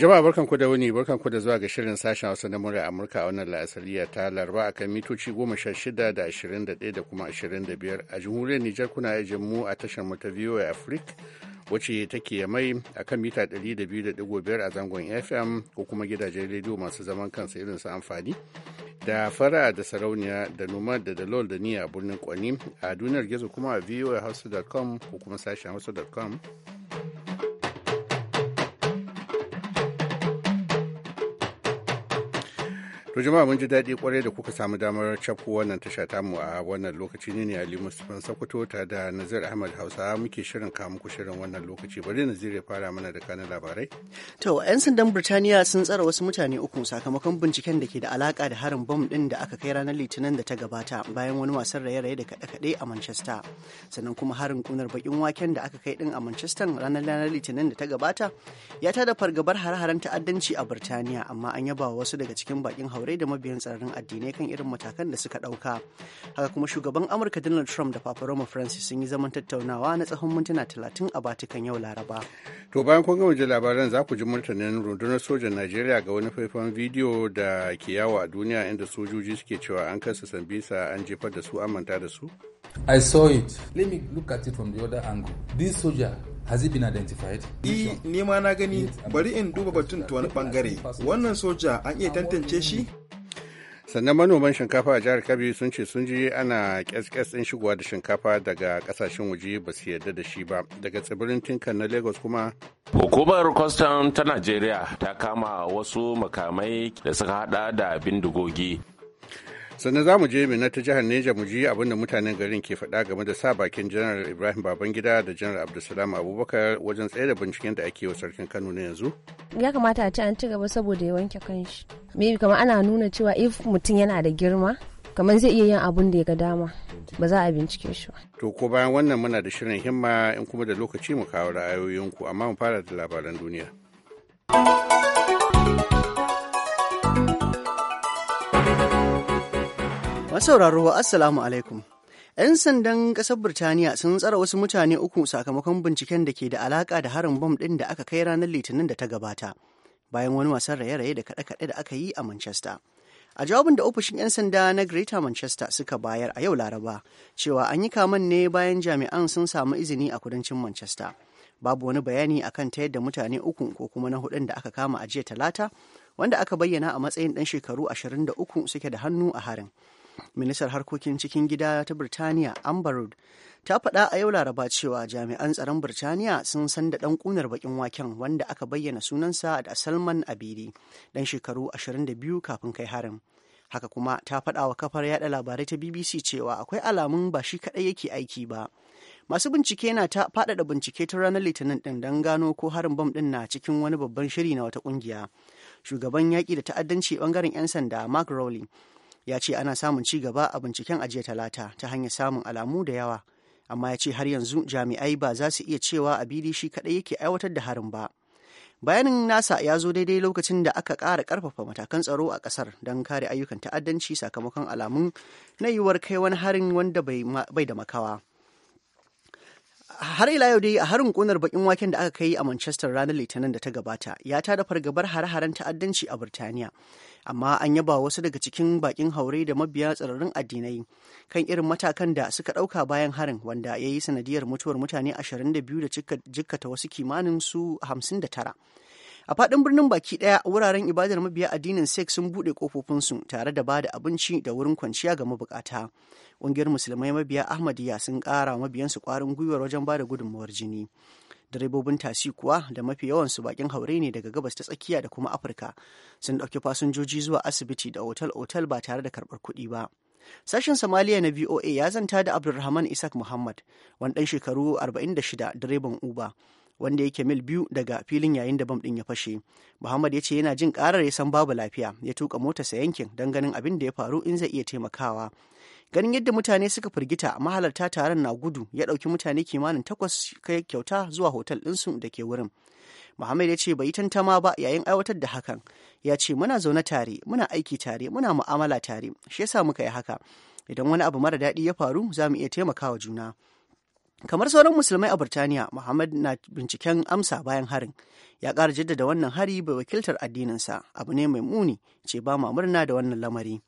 Jama'a barkanku da wuni barkanku da zuwa ga shirin sashen Hausa na murya Amurka a wannan la'asariya ta Laraba kan mitoci 16 da 21 da kuma 25 a jamhuriyar Nijar kuna ya mu a tashar mu ta VOA Africa wacce take mai akan mita 200.5 a zangon FM ko kuma gidajen rediyo masu zaman kansu irin su amfani da fara da sarauniya da noma da dalol da niya a birnin Kwani a duniyar gizo kuma a voahausa.com ko kuma sashen hausa.com To jama'a mun ji daɗi kwarai da kuka samu damar cafko wannan tasha mu a wannan lokaci ne Ali Mustapha Sokoto ta da Nazir Ahmad Hausa muke shirin kawo muku shirin wannan lokaci bari Nazir ya fara mana da kanin labarai. To 'yan sandan Birtaniya sun tsara wasu mutane uku sakamakon binciken da ke da alaka da harin bom ɗin da aka kai ranar Litinin da ta gabata bayan wani wasan raye-raye da kaɗe-kaɗe a Manchester. Sannan kuma harin kunar bakin waken da aka kai din a Manchester ranar ranar Litinin da ta gabata ya tada fargabar hare-haren ta'addanci a Birtaniya amma an yaba wasu daga cikin bakin haure kafirai da mabiyan tsararin addinai kan irin matakan da suka ɗauka haka kuma shugaban amurka donald trump da roma francis sun yi zaman tattaunawa na tsawon mintuna talatin a batikan yau laraba to bayan kun gama jin labaran za ku ji martanin rundunar sojan najeriya ga wani faifan bidiyo da ke yawo a duniya inda sojoji suke cewa an kasa sambisa an jefar da su an manta da su i saw it let me look at it from the other angle this soldier has it been identified? E, ni na gani bari in duba batun ta wani bangare. Wannan soja an iya tantance shi? Sannan manoman shinkafa a jihar Kabi sun ce sun ji ana kyaskyas ɗin shigowa da shinkafa daga kasashen waje ba su yarda da shi ba. Daga tsibirin Tinkan na Lagos kuma Hukumar kwastan ta Najeriya ta kama wasu makamai da suka hada da bindigogi sannan za mu je mina ta jihar neja mu ji abin da mutanen garin ke faɗa game da sa bakin janar ibrahim babangida da janar abdulsalam abubakar wajen tsaye da binciken da ake wa sarkin kano na yanzu ya kamata a ci an ci gaba saboda ya wanke kanshi maybe kamar ana nuna cewa if mutum yana da girma kamar zai iya yin abun da ya ga dama ba za a bincike shi ba. To ko bayan wannan muna da shirin himma in kuma da lokaci mu kawo ra'ayoyinku amma mu fara da labaran duniya. sauraro Assalamu alaikum. 'Yan sandan kasar Birtaniya sun tsara wasu mutane uku sakamakon binciken da ke da alaka da harin bom ɗin da aka kai ranar Litinin da ta gabata, bayan wani wasan raye-raye da kaɗe-kaɗe da aka yi a Manchester. A jawabin da ofishin 'yan sanda na Greater Manchester suka bayar a yau Laraba, cewa an yi kaman ne bayan jami'an sun samu izini a kudancin Manchester. Babu wani bayani akan ta yadda mutane uku ko kuma na hudun da aka kama a jiya Talata, wanda aka bayyana a matsayin ɗan shekaru da 23 suke da hannu a harin. ministar harkokin cikin gida ta birtaniya amber Road ta faɗa a yau laraba cewa jami'an tsaron birtaniya sun san da ɗan ƙunar bakin waken wanda aka bayyana sunansa da salman abidi dan shekaru 22 kafin kai harin haka kuma ta faɗa wa kafar yada labarai ta bbc cewa akwai alamun ba shi kaɗai yake aiki ba masu bincike na ta faɗaɗa bincike ta ranar litinin ɗin don gano ko harin bam ɗin na cikin wani babban shiri na wata ƙungiya shugaban yaƙi da ta'addanci ɓangaren 'yan sanda mark rowley ya ce ana samun ci gaba a binciken ajiya talata ta hanyar samun alamu da yawa amma ya ce har yanzu jami'ai ba za su iya cewa a abili shi kaɗai yake aiwatar da harin ba bayanin nasa ya zo daidai lokacin da aka ƙara ƙarfafa matakan tsaro a ƙasar don kare ayyukan ta'addanci sakamakon alamun na yiwuwar kai wani harin wanda bai da makawa har ila yau dai a harin kunar bakin waken da aka kai a Manchester ranar Litinin da ta gabata ya tada fargabar hare-haren ta'addanci a birtaniya. amma an yaba wasu daga cikin bakin haure da mabiya tsirarin addinai kan irin matakan da suka ɗauka bayan harin wanda ya yi sanadiyar mutuwar mutane 22 da jikkata wasu kimanin su 59 a faɗin birnin baki ɗaya wuraren ibadar mabiya addinin sikh sun buɗe su tare da bada abinci da wurin kwanciya ga mabukata ƙungiyar musulmai mabiya ahmadiyya sun ƙara mabiyansu ƙwarin gwiwar wajen bada gudunmawar jini direbobin tasi kuwa da mafi yawansu bakin haure ne daga gabas ta tsakiya da kuma afirka sun ɗauki fasinjoji zuwa asibiti da otal-otal ba tare da karbar kuɗi ba sashen somaliya na voa ya zanta da abdulrahman isaac muhammad wani dan shekaru 46 direban uber wanda yake mil biyu daga filin yayin da bam ɗin ya fashe muhammad ya ce yana jin karar ya san babu lafiya ya tuka motarsa yankin don ganin abin da ya faru in zai iya taimakawa ganin yadda mutane suka firgita mahalarta taron na gudu ya ɗauki mutane kimanin takwas kai kyauta zuwa hotel ɗinsu da ke wurin Muhammad ya ce bai yi tantama ba yayin aiwatar da hakan ya ce muna zaune tare muna aiki tare muna mu'amala tare shi yasa muka yi haka idan wani abu mara daɗi ya faru za mu iya taimakawa juna kamar sauran musulmai a burtaniya muhammad na binciken amsa bayan harin ya ƙara jaddada wannan hari bai wakiltar addininsa abu ne mai muni ce ba ma murna da wannan lamari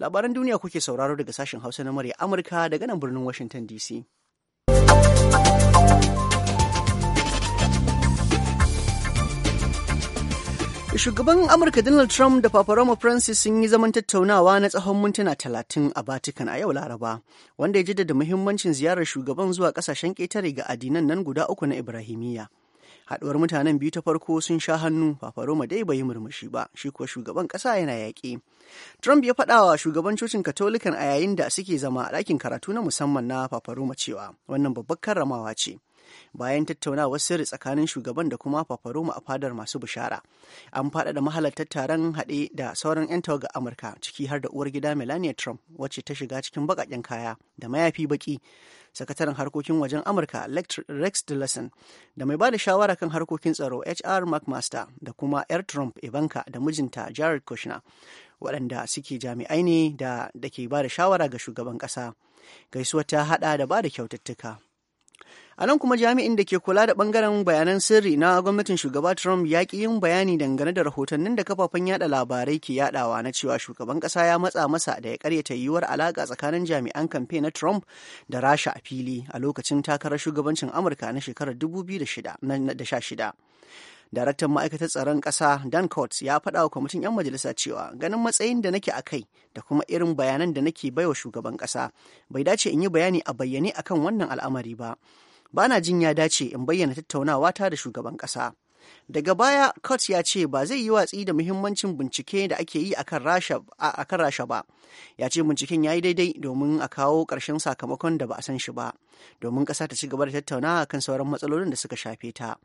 labaran duniya kuke sauraro daga sashen hausa na murya amurka daga nan birnin washington dc Shugaban Amurka Donald Trump da Paparoma Francis sun yi zaman tattaunawa na tsawon mintuna talatin a Vatican a yau Laraba, wanda ya jaddada muhimmancin ziyarar shugaban zuwa kasashen ƙetare ga adinan nan guda uku na Ibrahimiyya. Haduwar mutanen biyu ta farko sun sha hannu fafaroma dai bai yi murmushi ba shi kuwa shugaban ƙasa yana yaƙi trump ya faɗa wa shugaban cocin katolikan a yayin da suke zama a ɗakin karatu na musamman na fafaroma cewa wannan babbar karramawa ce bayan tattaunawar sirri tsakanin shugaban da kuma fafaroma a fadar masu bishara an faɗaɗa mahalartar taron haɗe da sauran 'yan tawaga amurka ciki har da uwar gida melania trump wacce ta shiga cikin baƙaƙen kaya da mayafi baƙi sakataren harkokin wajen amurka rex tillerson da mai ba da shawara kan harkokin tsaro hr mcmaster da kuma yar trump ivanka da mijinta jared kushner waɗanda suke jami'ai ne da ke ba da shawara ga shugaban ƙasa gaisuwa ta haɗa da ba da kyaututtuka A nan kuma jami'in da ke kula da bangaren bayanan sirri na gwamnatin shugaba Trump ya ki yin bayani dangane da rahotannin da kafafen yada labarai ke yadawa na cewa shugaban kasa ya matsa masa da ya karyata yiwuwar alaƙa tsakanin jami'an kamfe na Trump da Rasha a fili a lokacin takarar shugabancin Amurka na shekarar 2016. daraktan ma'aikatar tsaron ƙasa dan court ya faɗa wa kwamitin 'yan majalisa cewa ganin matsayin da nake a kai da kuma irin bayanan da nake baiwa shugaban ƙasa bai dace in yi bayani a bayyane akan wannan al'amari ba ba na jin ya dace in bayyana tattaunawa ta da shugaban ƙasa Daga baya, Kurt ya ce ba zai yi watsi da muhimmancin bincike da ake yi a kan Rasha ba. Ya ce binciken ya yi daidai domin a kawo ƙarshen sakamakon da ba a san shi ba, domin ƙasa ta ci gaba da tattaunawa kan sauran matsalolin da suka shafe ta.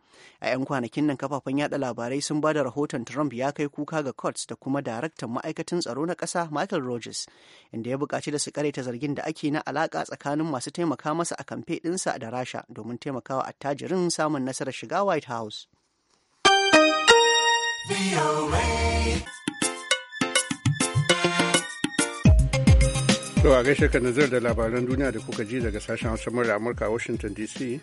A 'yan kwanakin nan kafafen yada labarai sun ba da rahoton Trump ya kai kuka ga Kurt da kuma daraktan ma'aikatan tsaro na ƙasa Michael Rogers, inda ya buƙaci da su ta zargin da ake na alaƙa tsakanin masu taimaka masa a kamfe ɗinsa da Rasha domin taimakawa attajirin samun nasarar shiga White House. To a gaishe ka nazar da labaran duniya da kuka ji daga sashen Hausa murya Amurka a Washington DC.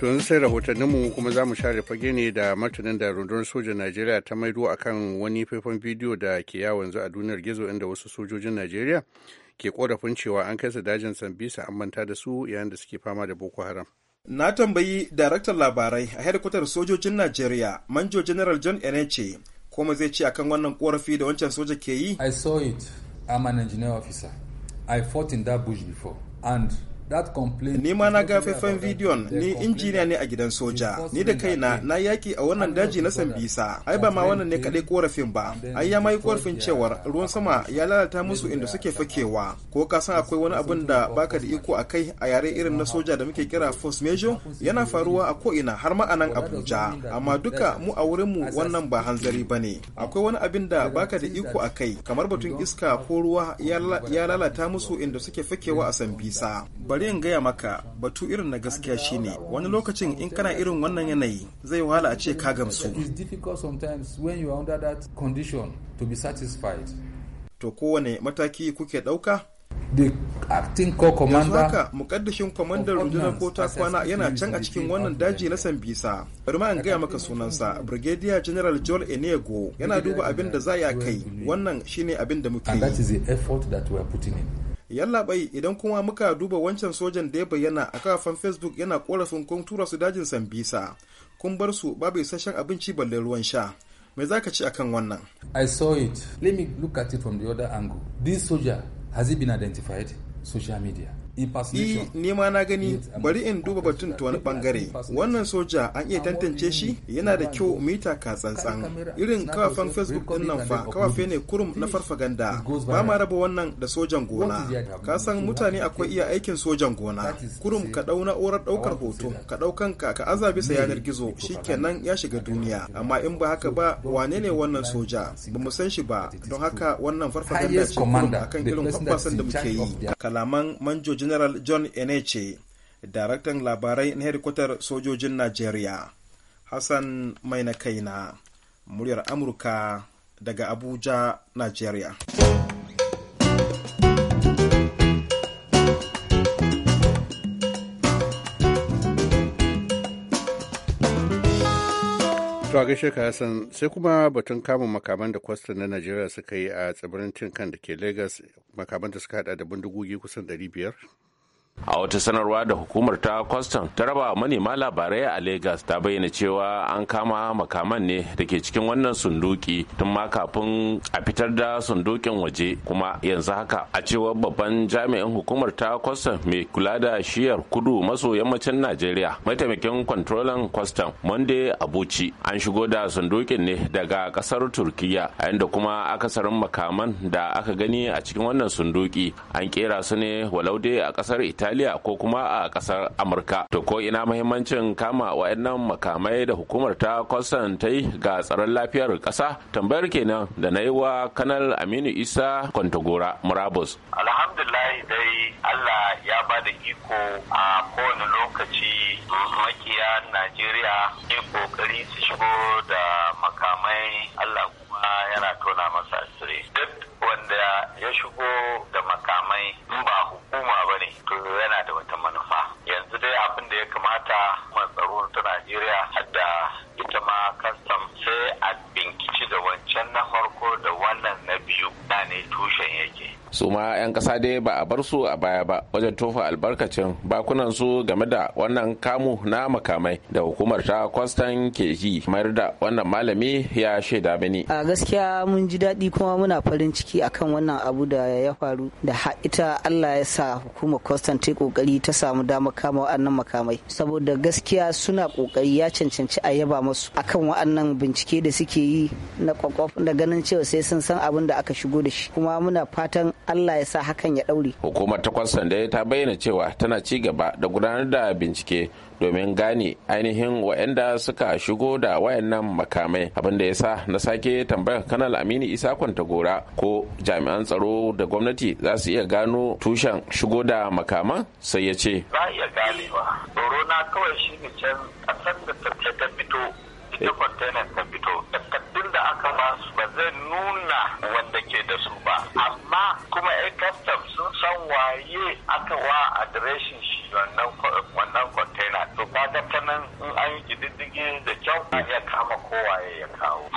To yanzu sai rahotanninmu kuma za mu share fage ne da martanin da rundunar sojan Najeriya ta maido kan wani faifan bidiyo da ke yawon a duniyar gizo inda wasu sojojin Najeriya ke korafin cewa an kai su dajin Sambisa an manta da su yayin da suke fama da Boko Haram. Na tambayi daraktan labarai a hedikwatar sojojin Najeriya, Manjo General John Enenche, kuma zai ce akan wannan korafi da wancan soja ke yi? I saw it. I'm an engineer officer. I fought in that bush before. And Ni ma na ga bidiyon ni injiniya ne a gidan soja. Ni da kaina na yaki a wannan daji na Sambisa. Ai ba ma wannan ne kaɗai korafin ba. Ai ya mai korafin cewar ruwan sama ya lalata musu inda suke fakewa. Ko ka san akwai wani abin da baka da iko a kai a yare irin na soja da muke kira force major yana faruwa a ko'ina har ma a Abuja. Amma duka mu a mu wannan ba hanzari ba ne. Akwai wani abin da baka da iko a kai kamar batun iska ko ruwa ya lalata musu inda suke fakewa a Sambisa. bari in gaya maka batu irin na gaskiya shine wani lokacin in kana irin wannan yanayi zai wahala a ce ka gamsu to kowane mataki kuke ɗauka the acting corps commander yanzu haka mukaddashin kwamandan rundunar ko ta kwana yana can a cikin wannan daji na sambisa bari ma an gaya maka sunansa brigadier general joel enego yana duba abin da za ya kai wannan shine abin da muke yi yallaɓai idan kuma muka duba wancan sojan da ya bayyana a kafan facebook yana korafin kun tura su dajin sambisa kun bar su babu isasshen abinci balle ruwan sha mai za ka ci akan wannan i saw it let me look at it from the other angle this soldier has he been identified social media ne ma na gani bari in duba batun ta wani bangare wannan soja an iya tantance shi yana da kyau mita ka tsantsan irin kawafan facebook din nan fa kawafe ne kurum na farfaganda ba ma raba wannan da sojan gona ka san mutane akwai iya aikin sojan gona kurum ka dau na'urar daukar hoto ka daukan ka ka aza bisa yanar gizo shikenan ya shiga duniya amma in ba haka ba wane ne wannan soja ba mu san shi ba don haka wannan farfaganda ce kurum akan irin hoɓɓasan da muke yi kalaman manjo General John Enece, daraktan labarai na hedikwatar sojojin Najeriya. Hassan Mai na kaina, muryar Amurka daga Abuja, Najeriya. To a gaishe ka Hassan sai kuma batun kamun makaman da kwastan na Najeriya suka yi a tsibirin cin kan da ke Lagos makaman da suka hada da bindigogi kusan 500. a wata sanarwa da hukumar ta kwastam ta raba manema labarai a Legas, ta bayyana cewa an kama makaman ne da ke cikin wannan sunduki tun ma kafin a fitar da sundukin waje kuma yanzu haka a cewar babban jami'in hukumar ta kwastam mai kula da shiyar kudu maso yammacin najeriya mataimakin kwantrolan kwastam monde abuchi an shigo da sundukin ne daga kasar turkiya a inda kuma akasarin makaman da aka gani a cikin wannan sunduki an kera su ne walau dai a kasar italiya Italiya ko kuma a kasar Amurka. To ko ina muhimmancin kama waɗannan makamai da hukumar ta Kwastan ta yi ga tsaron lafiyar ƙasa? Tambayar kenan da na yi wa Kanal Aminu Isa Kwantagora Murabus. Alhamdulillah dai Allah ya ba da iko a kowane lokaci makiya Najeriya ke kokari su shigo da makamai Allah kuma yana tona masa asiri. Duk wanda ya shigo da makamai in ba hukuma ba ne sumar 'yan kasa dai ba a bar su a baya ba wajen tofa albarkacin bakunan su game da wannan kamu na makamai da hukumar ta kwastan ke yi mayar da wannan malami ya shaida mini. a gaskiya mun ji daɗi kuma muna farin ciki akan wannan abu da ya faru da ita allah ya sa hukumar kwastan ta kokari ta samu damar kama wa'annan makamai saboda gaskiya suna kokari ya cancanci a yaba masu akan wa'annan bincike da suke yi na kwakwaf da ganin cewa sai sun san abin da aka shigo da shi kuma muna fatan allah ya sa hakan ya daure hukumar ta kwastan ta bayyana cewa tana ci gaba da gudanar da bincike domin gane ainihin waɗanda suka shigo da wayannan makamai abin da ya sa na sake tambayar kanal amini isa gora ko jami'an tsaro da gwamnati za su iya gano tushen shigo da makaman sai ya ce za iya ganewa tsoro na kawai shi ne can san da ta fito ita kwantainan eh. ta fito da aka ba su ba zai nuna wanda ke da su ba amma kuma yan kastam sun san waye aka wa adireshin shi wannan kwantena to ga ta nan in an yi da kyau ya kama kowaye ya kawo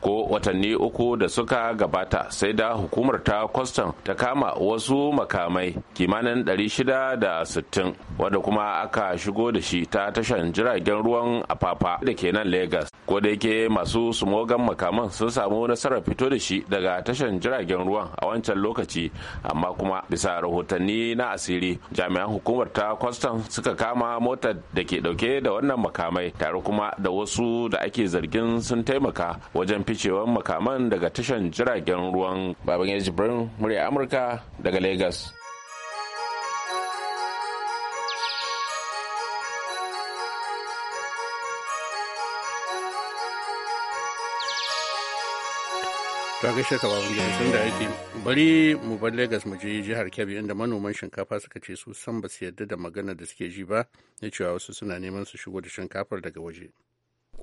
ko watanni uku da suka gabata sai da hukumar ta kwastam ta kama wasu makamai kimanin 660 wadda kuma aka shigo da shi ta tashan jiragen ruwan afafa da ke nan lagos ko da yake masu sumogan makaman sun samu nasarar fito da shi daga tashan jiragen ruwan a wancan lokaci amma kuma bisa rahotanni na asiri jami'an hukumar ta kwastam suka kama motar da ke dauke da wannan makamai tare kuma da wasu da ake zargin sun taimaka wajen ficewar makaman daga tashan jiragen ruwan baban birnin murya amurka daga legas. ta gaishe ka babin gida sun da yake bari mu bar Legas mu je jihar Kebbi inda manoman shinkafa suka ce su san ba su yarda da magana da suke ji ba na cewa wasu suna neman su shigo da shinkafar daga waje.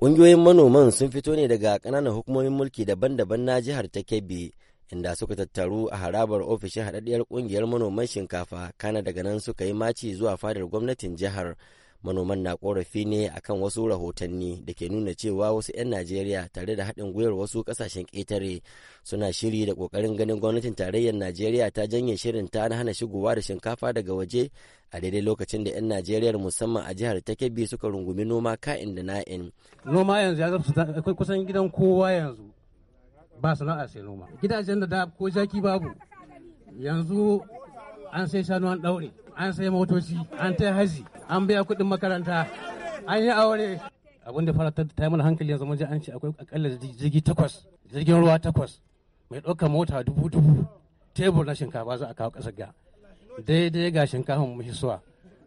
Ƙungiyoyin manoman sun fito ne daga ƙananan hukumomin mulki daban-daban na jihar ta Kebbi, inda suka tattaru a harabar ofishin haɗaɗɗiyar ƙungiyar manoman shinkafa, kana daga nan suka yi maci zuwa fadar gwamnatin jihar manoman na korafi ne akan wasu rahotanni da ke nuna cewa wasu 'yan najeriya tare da haɗin gwiwar wasu ƙasashen ƙetare suna shiri da ƙoƙarin ganin gwamnatin tarayyar najeriya ta janye shirin ta na hana shigowa da shinkafa daga waje a daidai lokacin da 'yan najeriya musamman a jihar ta kebbi suka rungumi noma ka'in da na'in noma yanzu ya zama kusan gidan kowa yanzu ba sana'a sai noma gidajen da da ko jaki babu yanzu an sai shanu an ɗaure an Sayi motoci an ta haji an biya kuɗin makaranta an yi aure abin da fara ta yi mana hankali yanzu mun an ce akwai akalla jirgi takwas jirgin ruwa takwas mai ɗauka mota dubu dubu tebur na shinkafa za a kawo ƙasar ga daidai ga shinkafin mu hisuwa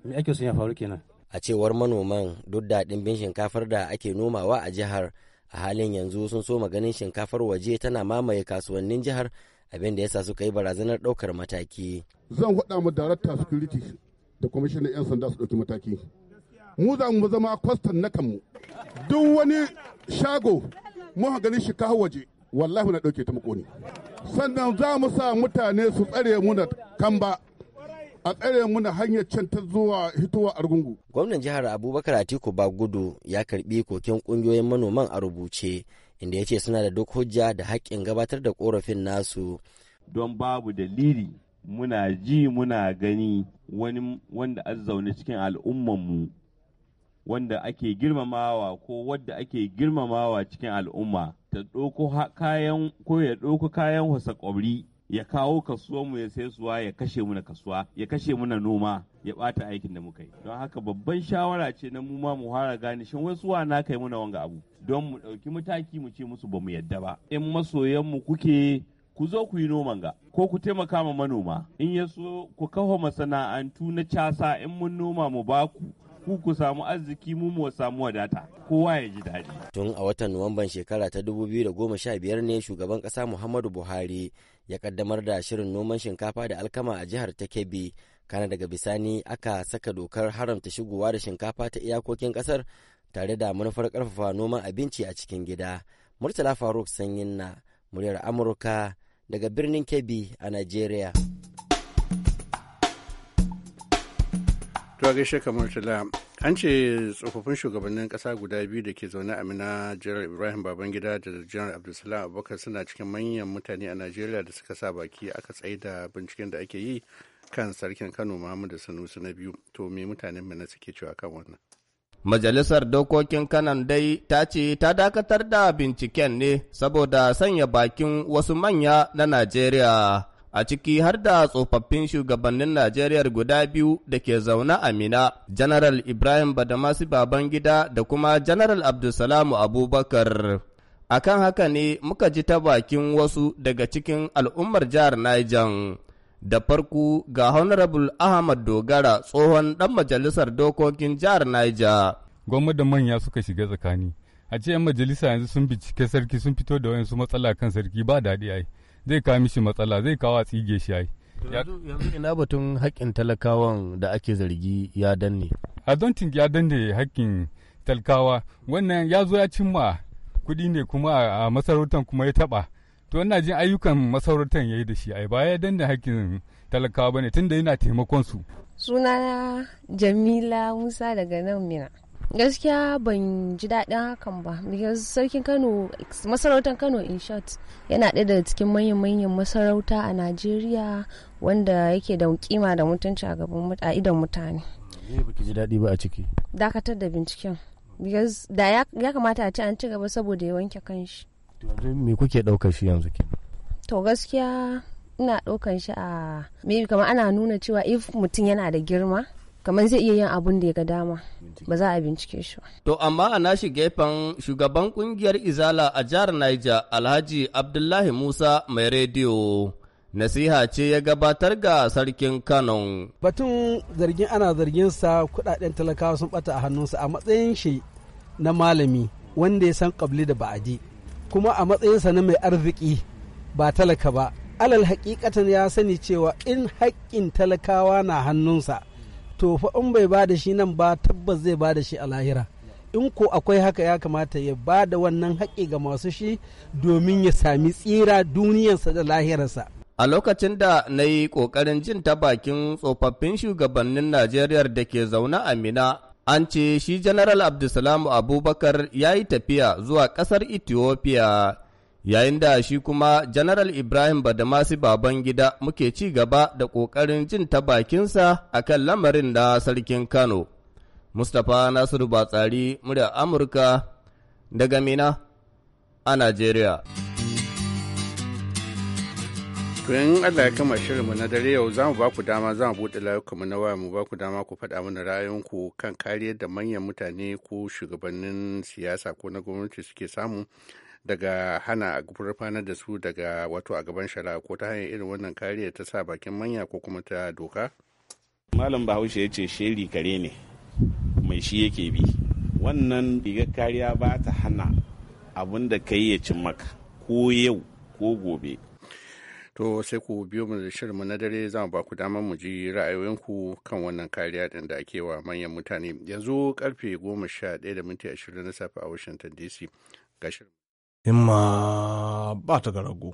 me ake sun ya faru kenan a cewar manoman duk da ɗimbin shinkafar da ake nomawa a jihar a halin yanzu sun so maganin shinkafar waje tana mamaye kasuwannin jihar abin da sa suka yi barazanar ɗaukar mataki. Zan faɗa mu darakta security da kwamishinan 'yan sanda su ɗauki mataki. Mu za mu zama kwastan na kanmu. Duk wani shago mu gani shi kawo waje wallahi na ɗauke ta muƙoni. Sannan za mu sa mutane su tsare mu na kamba. a tsare mu na hanyar can ta zuwa hitowa argungu. Gwamnan jihar Abubakar Atiku Bagudu ya karbi koken kungiyoyin manoman a rubuce inda ya ce suna da duk hujja da haƙƙin gabatar da korafin nasu. Don babu dalili muna ji muna gani wani wanda an zaune cikin al'ummanmu wanda ake girmamawa ko wadda ake girmamawa cikin al'umma ta ɗauko kayan ko ya ɗauko kayan wasa ƙwabri ya kawo kasuwanmu ya sai suwa ya kashe mu na kasuwa ya kashe mu na noma ya bata aikin da muka yi don haka babban shawara ce na mu ma mu fara gane shin wasu wa na kai muna wanga abu don mu dauki mataki mu ce musu mu yadda ba in masoyan mu kuke ku zo ku yi noman ga ko ku taimaka ma manoma in ya so ku kawo masana'antu na casa in mun noma mu baku ku ku samu arziki mu mu samu wadata kowa ya ji daɗi. Tun a watan Nuwamban shekara ta 2015 ne shugaban ƙasa Muhammadu Buhari ya kaddamar da shirin noman shinkafa da alkama a jihar ta Kebbi. Kana daga bisani aka saka dokar haramta shigowa da shinkafa ta iyakokin ƙasar tare da manufar ƙarfafa noman abinci a cikin gida. Murtala Faruk Sanyin na muryar Amurka daga birnin Kebbi a Najeriya. to a gaishe kamar tala an ce tsofaffin shugabannin kasa guda biyu da ke zaune a mina jiran ibrahim babangida da jiran abdulsalam abubakar suna cikin manyan mutane a najeriya da suka sa baki aka tsaye da binciken da ake yi kan sarkin kano muhammadu sanusi na biyu to me mutanen mina suke cewa kan wannan Majalisar Dokokin Kanan dai ta ce ta dakatar da binciken ne saboda sanya bakin wasu manya na Najeriya. a ciki har da tsofaffin shugabannin Najeriya guda biyu da ke zaune a Mina, General Ibrahim Badamasi Babangida da kuma General Abdulsalamu Abubakar. A kan haka ne muka ji ta bakin wasu daga cikin al'ummar jihar Niger. Da farko ga Honorable Ahmad Dogara tsohon ɗan majalisar dokokin jihar Niger. Gwamnati da manya suka shiga tsakani. A ce 'yan majalisa yanzu sun bincike sarki sun fito da wayansu matsala kan sarki ba daɗi ai. zai kawo mishi matsala zai kawo a tsige shi ai yanzu ina batun haƙƙin talakawan da ake zargi ya danne a don ya danne haƙƙin talakawa wannan ya zo ya cimma kuɗi ne kuma a masarautar kuma ya taɓa to ina jin ayyukan masarautar ya yi da shi ai ba ya danne haƙƙin talakawa ba ne tunda yana taimakon su sunana jamila musa daga nan mina gaskiya ban ji daɗin hakan ba because sarkin kano masarautar kano in short yana ɗaya daga cikin manyan manyan masarauta a najeriya wanda yake da kima da mutunci a gaban a idon mutane ne ji daɗi ba a ciki dakatar da binciken because da ya kamata a ci an ci gaba saboda ya wanke kanshi me kuke ɗaukar shi yanzu ke to gaskiya ina ɗaukar shi a maybe kamar ana nuna cewa if mutum yana da girma kamar zai iya yin abun da ya ga dama ba za a bincike shi to amma a nashi gefen shugaban kungiyar izala a jihar Niger Alhaji Abdullahi Musa mai rediyo nasiha ce ya gabatar ga sarkin Kano batun zargin ana zargin sa kudaden talakawa sun bata a hannunsa a matsayin shi na malami wanda ya san kabli da ba'adi kuma a matsayin sa na mai arziki ba talaka ba alal hakikatan ya sani cewa in hakkin talakawa na hannunsa to fa in bai ba da shi nan ba tabbas zai ba da shi a lahira in ko akwai haka ya kamata ya ba da wannan haƙƙi ga masu shi domin ya sami tsira duniyarsa da lahirarsa. A lokacin da na yi ƙoƙarin jin ta bakin tsofaffin shugabannin Najeriya da ke zaune a Mina, an ce shi janaral Abdulsalam Abubakar ya yi tafiya zuwa ƙasar Ethiopia Yayin da shi kuma General Ibrahim Badamasi gida muke ci gaba da ƙoƙarin jin ta bakinsa a kan lamarin da sarkin Kano. Mustapha Nasiru Batsari, murya Amurka, daga Mina a Najeriya. Tun Allah ya kama shirinmu na dare yau za mu ba ku dama za mu buɗe layukanmu na waya mu ba ku dama ku faɗa mana ra'ayinku kan kariyar da manyan mutane ko shugabannin siyasa ko na gwamnati suke samu daga hana gurfanar da su daga wato a gaban shara ko ta hanyar irin wannan kariya ta sa bakin manya ko kuma ta doka malam bahaushe ya ce sheri kare ne mai shi yake bi wannan rigar kariya ba ta hana abin da kai ya ci maka ko yau ko gobe to sai ku biyo mu da mu na dare za mu ba ku damar mu ji ra'ayoyinku kan wannan kariya din da ake wa manyan mutane yanzu karfe goma sha ɗaya da minti ashirin na safe a washington dc ga shirin himma ba ta ga rago.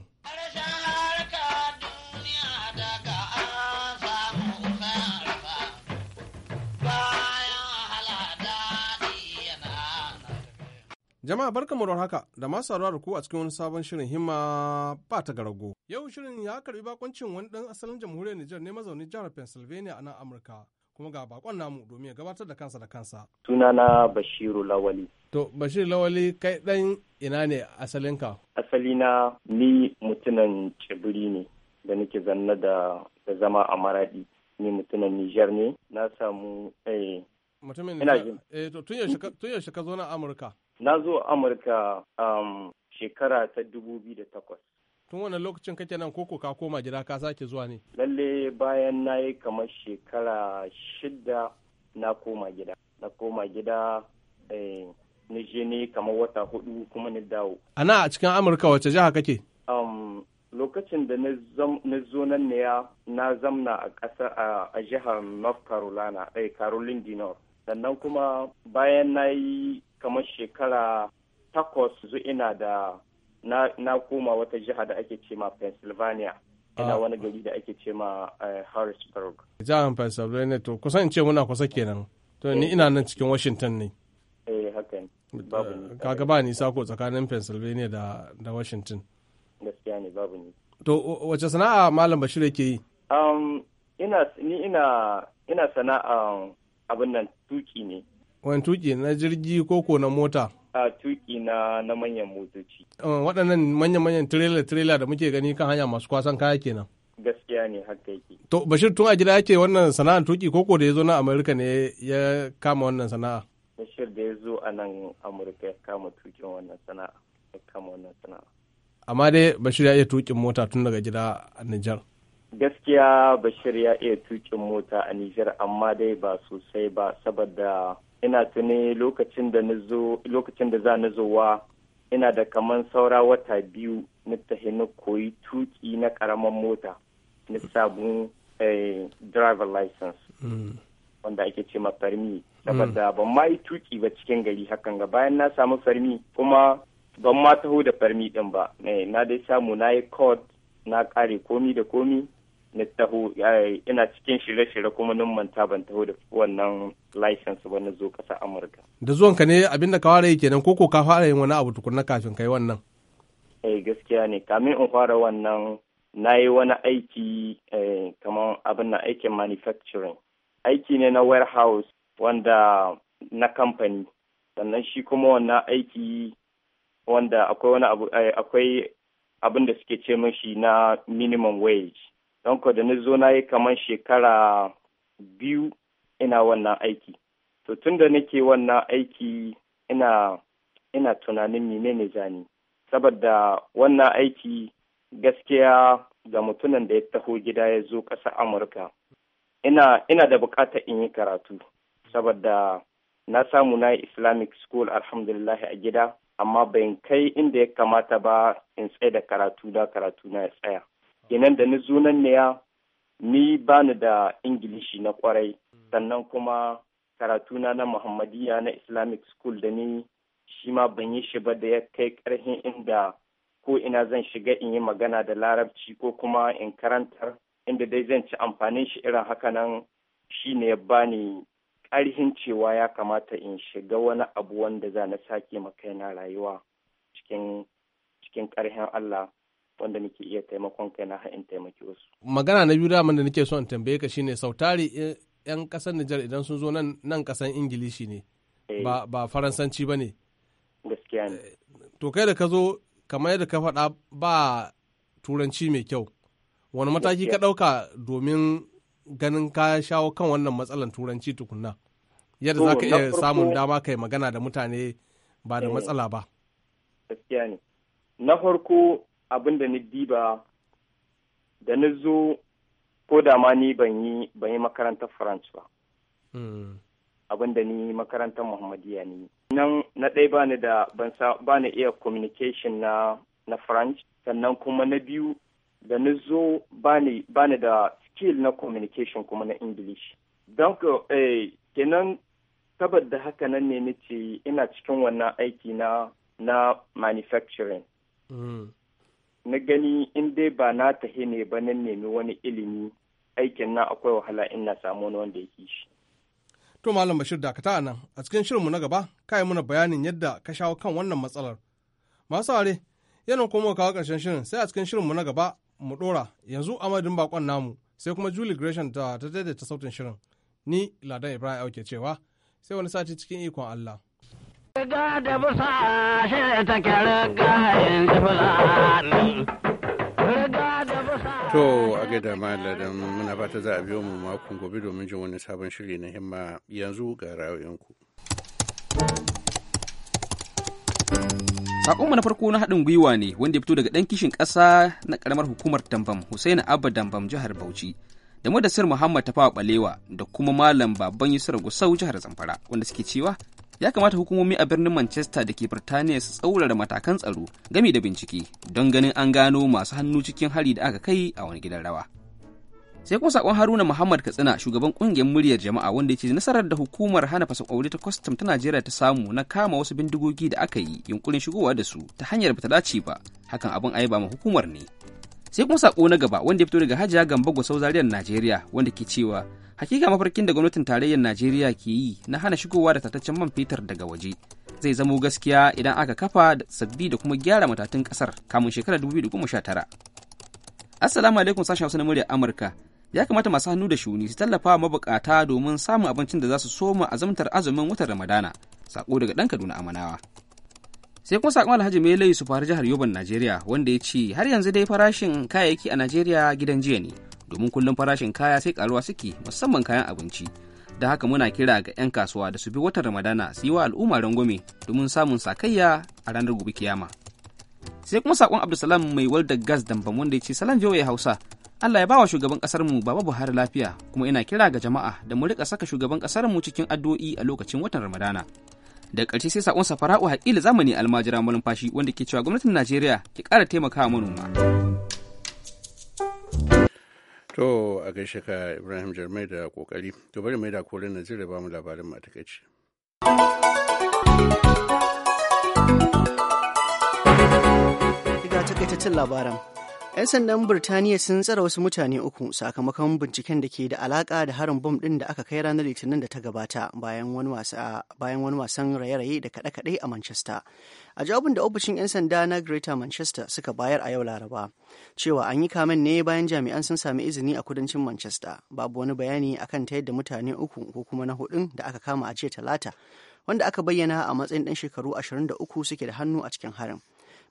Jama'a barkamu da haka da masu saduwa da ku a cikin wani sabon shirin himma ba ta garago. Yau shirin ya karbi bakoncin wani dan asalin jamhuriyar Nijar ne mazauni jihar Pennsylvania a nan Amurka. Kuma ga bakon namu domin ya gabatar da kansa da kansa. Sunana Bashiru Lawali. To Bashir Lawali kai ɗan ina ne asalinka? Asalina ni mutunan cibiri ne da nake zanna da zama a Maradi. Ni mutunan Nijar ne, na samu ɗaya. Eh, mutumin Nijar? Eh, to tun yaushe ka zo na Amurka? Na zo Amurka um, shekara ta dubu biyu da takwas. Tun wannan lokacin kake nan koko ka koma gida ka sake zuwa ne? Lalle bayan na yi kamar shekara shidda na koma gida. Na koma gida eh, na je ne kamar wata hudu kuma ni dawo. A na a cikin Amurka wace jiha kake? Um, lokacin da na zo nan ne ya na zamna a ƙasa a jihar North Carolina, eh, Caroline du North. Sannan kuma bayan na yi kamar shekara takwas zo ina da na, na koma wata jiha da ake ce ma Pennsylvania. Ina ah. wani gari da ake ce ma eh, Harrisburg. Jihar Pennsylvania to kusan ce muna kusa kenan. To ni eh. ina nan cikin Washington ne. Eh, haka ne. Eh, kaga ba nisa ko tsakanin pennsylvania da, da washington gaskiya ne babu ni to wace sana'a malam bashir yake yi um, ina ni ina ina sana'a abin nan tuki ne wani tuki na jirgi ko ko na mota a tuki na na manyan motoci uh, waɗannan manyan manyan trailer trailer da muke gani kan hanya masu kwasan kaya kenan gaskiya ne haka yake to bashir tun a gida yake wannan sana'ar tuki ko ko da ya zo na america ne ya kama wannan sana'a Bashir da ya zo a nan Amurka ya kama tukin wannan sana'a. Ya kama wannan sana'a. Amma dai Bashir ya iya tukin mota tun daga gida a Nijar. Gaskiya Bashir ya iya tukin mota a Nijar amma dai ba sosai ba saboda ina tuni lokacin da lokacin da za na zowa ina da kaman saura wata biyu na tahi na koyi tuki na karaman mota na sabon eh, driver license mm. wanda ake ce ma farmi saboda mm. ban ma yi tuki ba cikin gari hakan ga bayan na samu farmi kuma ban ma taho da farmi din ba eh, na dai samu na yi kod na kare komi da komi na taho eh, ina cikin shirye-shirye kuma nun manta ban taho da wannan license ba na zo kasa amurka da zuwanka ne abin da ka fara yi kenan ko ka fara yin wani abu tukunna kafin kai wannan eh gaskiya ne kamin in fara wannan na yi wani aiki eh, kamar abin na aikin manufacturing aiki ne na warehouse wanda na kamfani sannan shi kuma wannan aiki wanda akwai wani abu eh, akwai abin da suke ce mashi na minimum wage don ko da na zo na yi kamar shekara biyu ina wannan aiki to tun da nake wannan aiki ina ina tunanin menene zani saboda wannan aiki gaskiya ga mutumin da ya taho gida ya zo ƙasar amurka ina ina da buƙatar in yi karatu saboda na samu na islamic school alhamdulillah a gida amma ban kai inda ya kamata ba in tsaye da karatu da karatu na ya tsaya kenan da ni zunan ne ya ni bani da ingilishi na kwarai sannan kuma karatuna na muhammadiya na islamic school da ni shi ma ban yi shi ba da ya kai karhin inda ko ina zan shiga in yi magana da larabci ko kuma in karantar inda dai zan ci amfanin shi irin haka nan shi ne ya bani ƙarhin cewa ya kamata in shiga wani abu wanda za na sake na rayuwa cikin cikin ƙarhin Allah wanda nake iya taimakon kai na in taimaki wasu. Magana na biyu daman da nake so in tambaye ka shine sautari yan eh, ƙasar Nijar idan sun zo nan nan ƙasar Ingilishi ne eh. ba ba Faransanci ba ne. Gaskiya ne. Eh, to kai da ka zo kamar yadda ka faɗa ba turanci mai kyau. Wani mataki ka ɗauka domin ganin ka shawo kan wannan matsalan turanci tukunna yadda za ka iya samun dama ka yi magana da mutane ba da eh, matsala ba gaskiya ne na farko abin da ni diba da ni zo ko da ma ni ban yi ban yi makarantar france ba hmm. abin da ni makarantar muhammadiya ne nan na ɗaya ba ni da ban ba ni iya communication na na french sannan kuma na biyu da ni zo ba ni da skill na communication kuma na English. Don eh, kenan saboda haka nan ne nace ina cikin wannan aiki na na manufacturing. Hmm. Na gani in dai ba na tahe ne ba nan nemi wani ilimi aikin na akwai wahala ina na samu wani wanda ya shi. To Malam Bashir dakata nan a cikin shirinmu na gaba ka yi muna bayanin yadda ka shawo kan wannan matsalar. Masu are yanin kuma kawo karshen shirin sai a cikin shirinmu na gaba mu ɗora yanzu amadin bakon namu sai kuma Julie Gresham da ta daidaita sautin shirin. Ni Ladan Ibrahim Auke cewa sai wani sati cikin ikon Allah. To a gaida maladan muna fata za a biyo mu makon gobe domin jin wani sabon shiri na himma yanzu ga ra'ayoyinku. Sakonmu na farko na haɗin gwiwa ne wanda ya fito daga ɗan kishin ƙasa na ƙaramar hukumar Dambam Hussein Abba Dambam jihar Bauchi da Madassir Muhammad Tafawa Balewa da kuma Malam Baban Yusuf Gusau jihar Zamfara wanda suke cewa ya kamata hukumomi a birnin Manchester da ke Birtaniya su tsaurara matakan tsaro gami da bincike don ganin an gano masu hannu cikin hari da aka kai a wani gidan rawa. sai kuma sakon haruna muhammad katsina shugaban kungiyar muryar jama'a wanda ya ce nasarar da hukumar hana fasa ta kwastam ta najeriya ta samu na kama wasu bindigogi da aka yi yunkurin shigowa da su ta hanyar bata dace ba hakan abin ayi ba ma hukumar ne sai kuma sako na gaba wanda ya fito daga hajiya gamba gwasau zariyar najeriya wanda ke cewa hakika mafarkin da gwamnatin tarayyar najeriya ke yi na hana shigowa da tataccen man fetur daga waje zai zamo gaskiya idan aka kafa sabbi da kuma gyara matatun kasar kamun shekarar 2019 assalamu alaikum sashen wasu na muryar amurka ya kamata masu hannu da shuni su tallafa wa mabukata domin samun abincin da za su soma azamtar azumin watan ramadana sako daga ɗan kaduna amanawa sai kuma sakon alhaji mai su faru jihar yoban najeriya wanda ya ce har yanzu dai farashin kayayyaki a najeriya gidan jiya ne domin kullum farashin kaya sai karuwa suke musamman kayan abinci da haka muna kira ga 'yan kasuwa da su bi watan ramadana su yi wa al'umma rangwame domin samun sakayya a ranar gobe kiyama sai kuma sakon abdulsalam mai walda gas dambam wanda ya ce salam ya hausa Allah ya bawa shugaban ƙasarmu mu Baba Buhari lafiya kuma ina kira ga jama'a da mu rika saka shugaban ƙasarmu mu cikin addu'o'i a lokacin watan Ramadana. Da ƙarshe sai sakon safara'u haƙila zamani almajira malumfashi wanda ke cewa gwamnatin Najeriya ki ƙara taimakawa manoma. To a gaishe ka Ibrahim Jarmai da ƙoƙari, To bari mai da korin Najeriya ba mu labarin matakaici. Ga cin labaran. 'Yan sandan Birtaniya sun tsara wasu mutane uku sakamakon binciken da ke da alaka da harin bom din da aka kai ranar Litinin da ta gabata bayan wani wasan raye-raye da kaɗe-kaɗe a Manchester. A jawabin da ofishin 'yan sanda na Greater Manchester suka bayar a yau Laraba, cewa an yi kamen ne bayan jami'an sun sami izini a kudancin Manchester. Babu wani bayani akan ta yadda mutane uku ko kuma na hudun da aka kama a jiya Talata, wanda aka bayyana a matsayin ɗan shekaru 23 suke da hannu a cikin harin.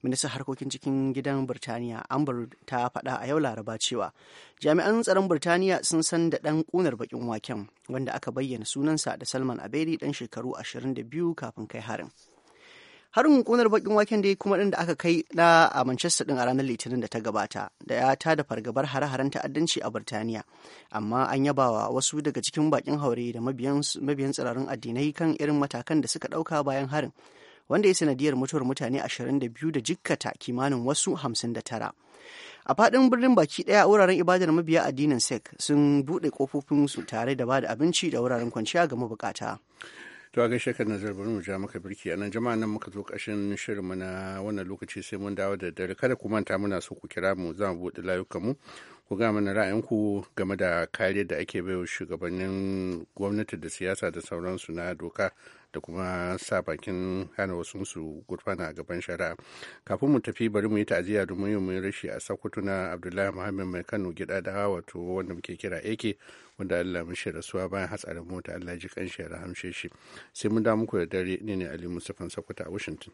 ministan harkokin cikin gidan birtaniya amber ta faɗa a yau laraba cewa jami'an tsaron birtaniya sun san da ɗan ƙunar bakin waken wanda aka bayyana sunansa da salman abedi ɗan shekaru 22 kafin kai harin harin kunar bakin waken dai kuma ɗin da aka kai na a Manchester ɗin a ranar Litinin da ta gabata da ya da fargabar hare-haren ta'addanci a Birtaniya amma an yabawa wasu daga cikin bakin haure da mabiyan tsirarin addinai kan irin matakan da suka ɗauka bayan harin wanda ya sanadiyar mutuwar mutane 22 da jikkata kimanin wasu 59. a faɗin birnin baki ɗaya wuraren ibadar mabiya addinin sek sun buɗe kofofinsu tare da ba da abinci da wuraren kwanciya ga mabukata. to a gaishe kan nazar birnin mu ja maka birki nan jama'a nan muka zo ƙashin shirinmu na wannan lokaci sai mun dawo da dare kada ku manta muna so ku kira mu za mu buɗe layukan mu ku ga mana ra'ayinku game da kariyar da ake baiwa shugabannin gwamnati da siyasa da sauransu na doka da kuma sa bakin hana wasu su gurfana a gaban shari'a kafin mu tafi bari mu yi ta'aziyya domin yin mun rashi a sakkwato na abdullahi muhammad mai kano gida da hawa wato wanda muke kira ake wanda allah mishi rasuwa bayan hatsarin mota allah ji kanshi ya rahamshe shi sai mun da muku da dare ne ne ali musafan sakkwato a washington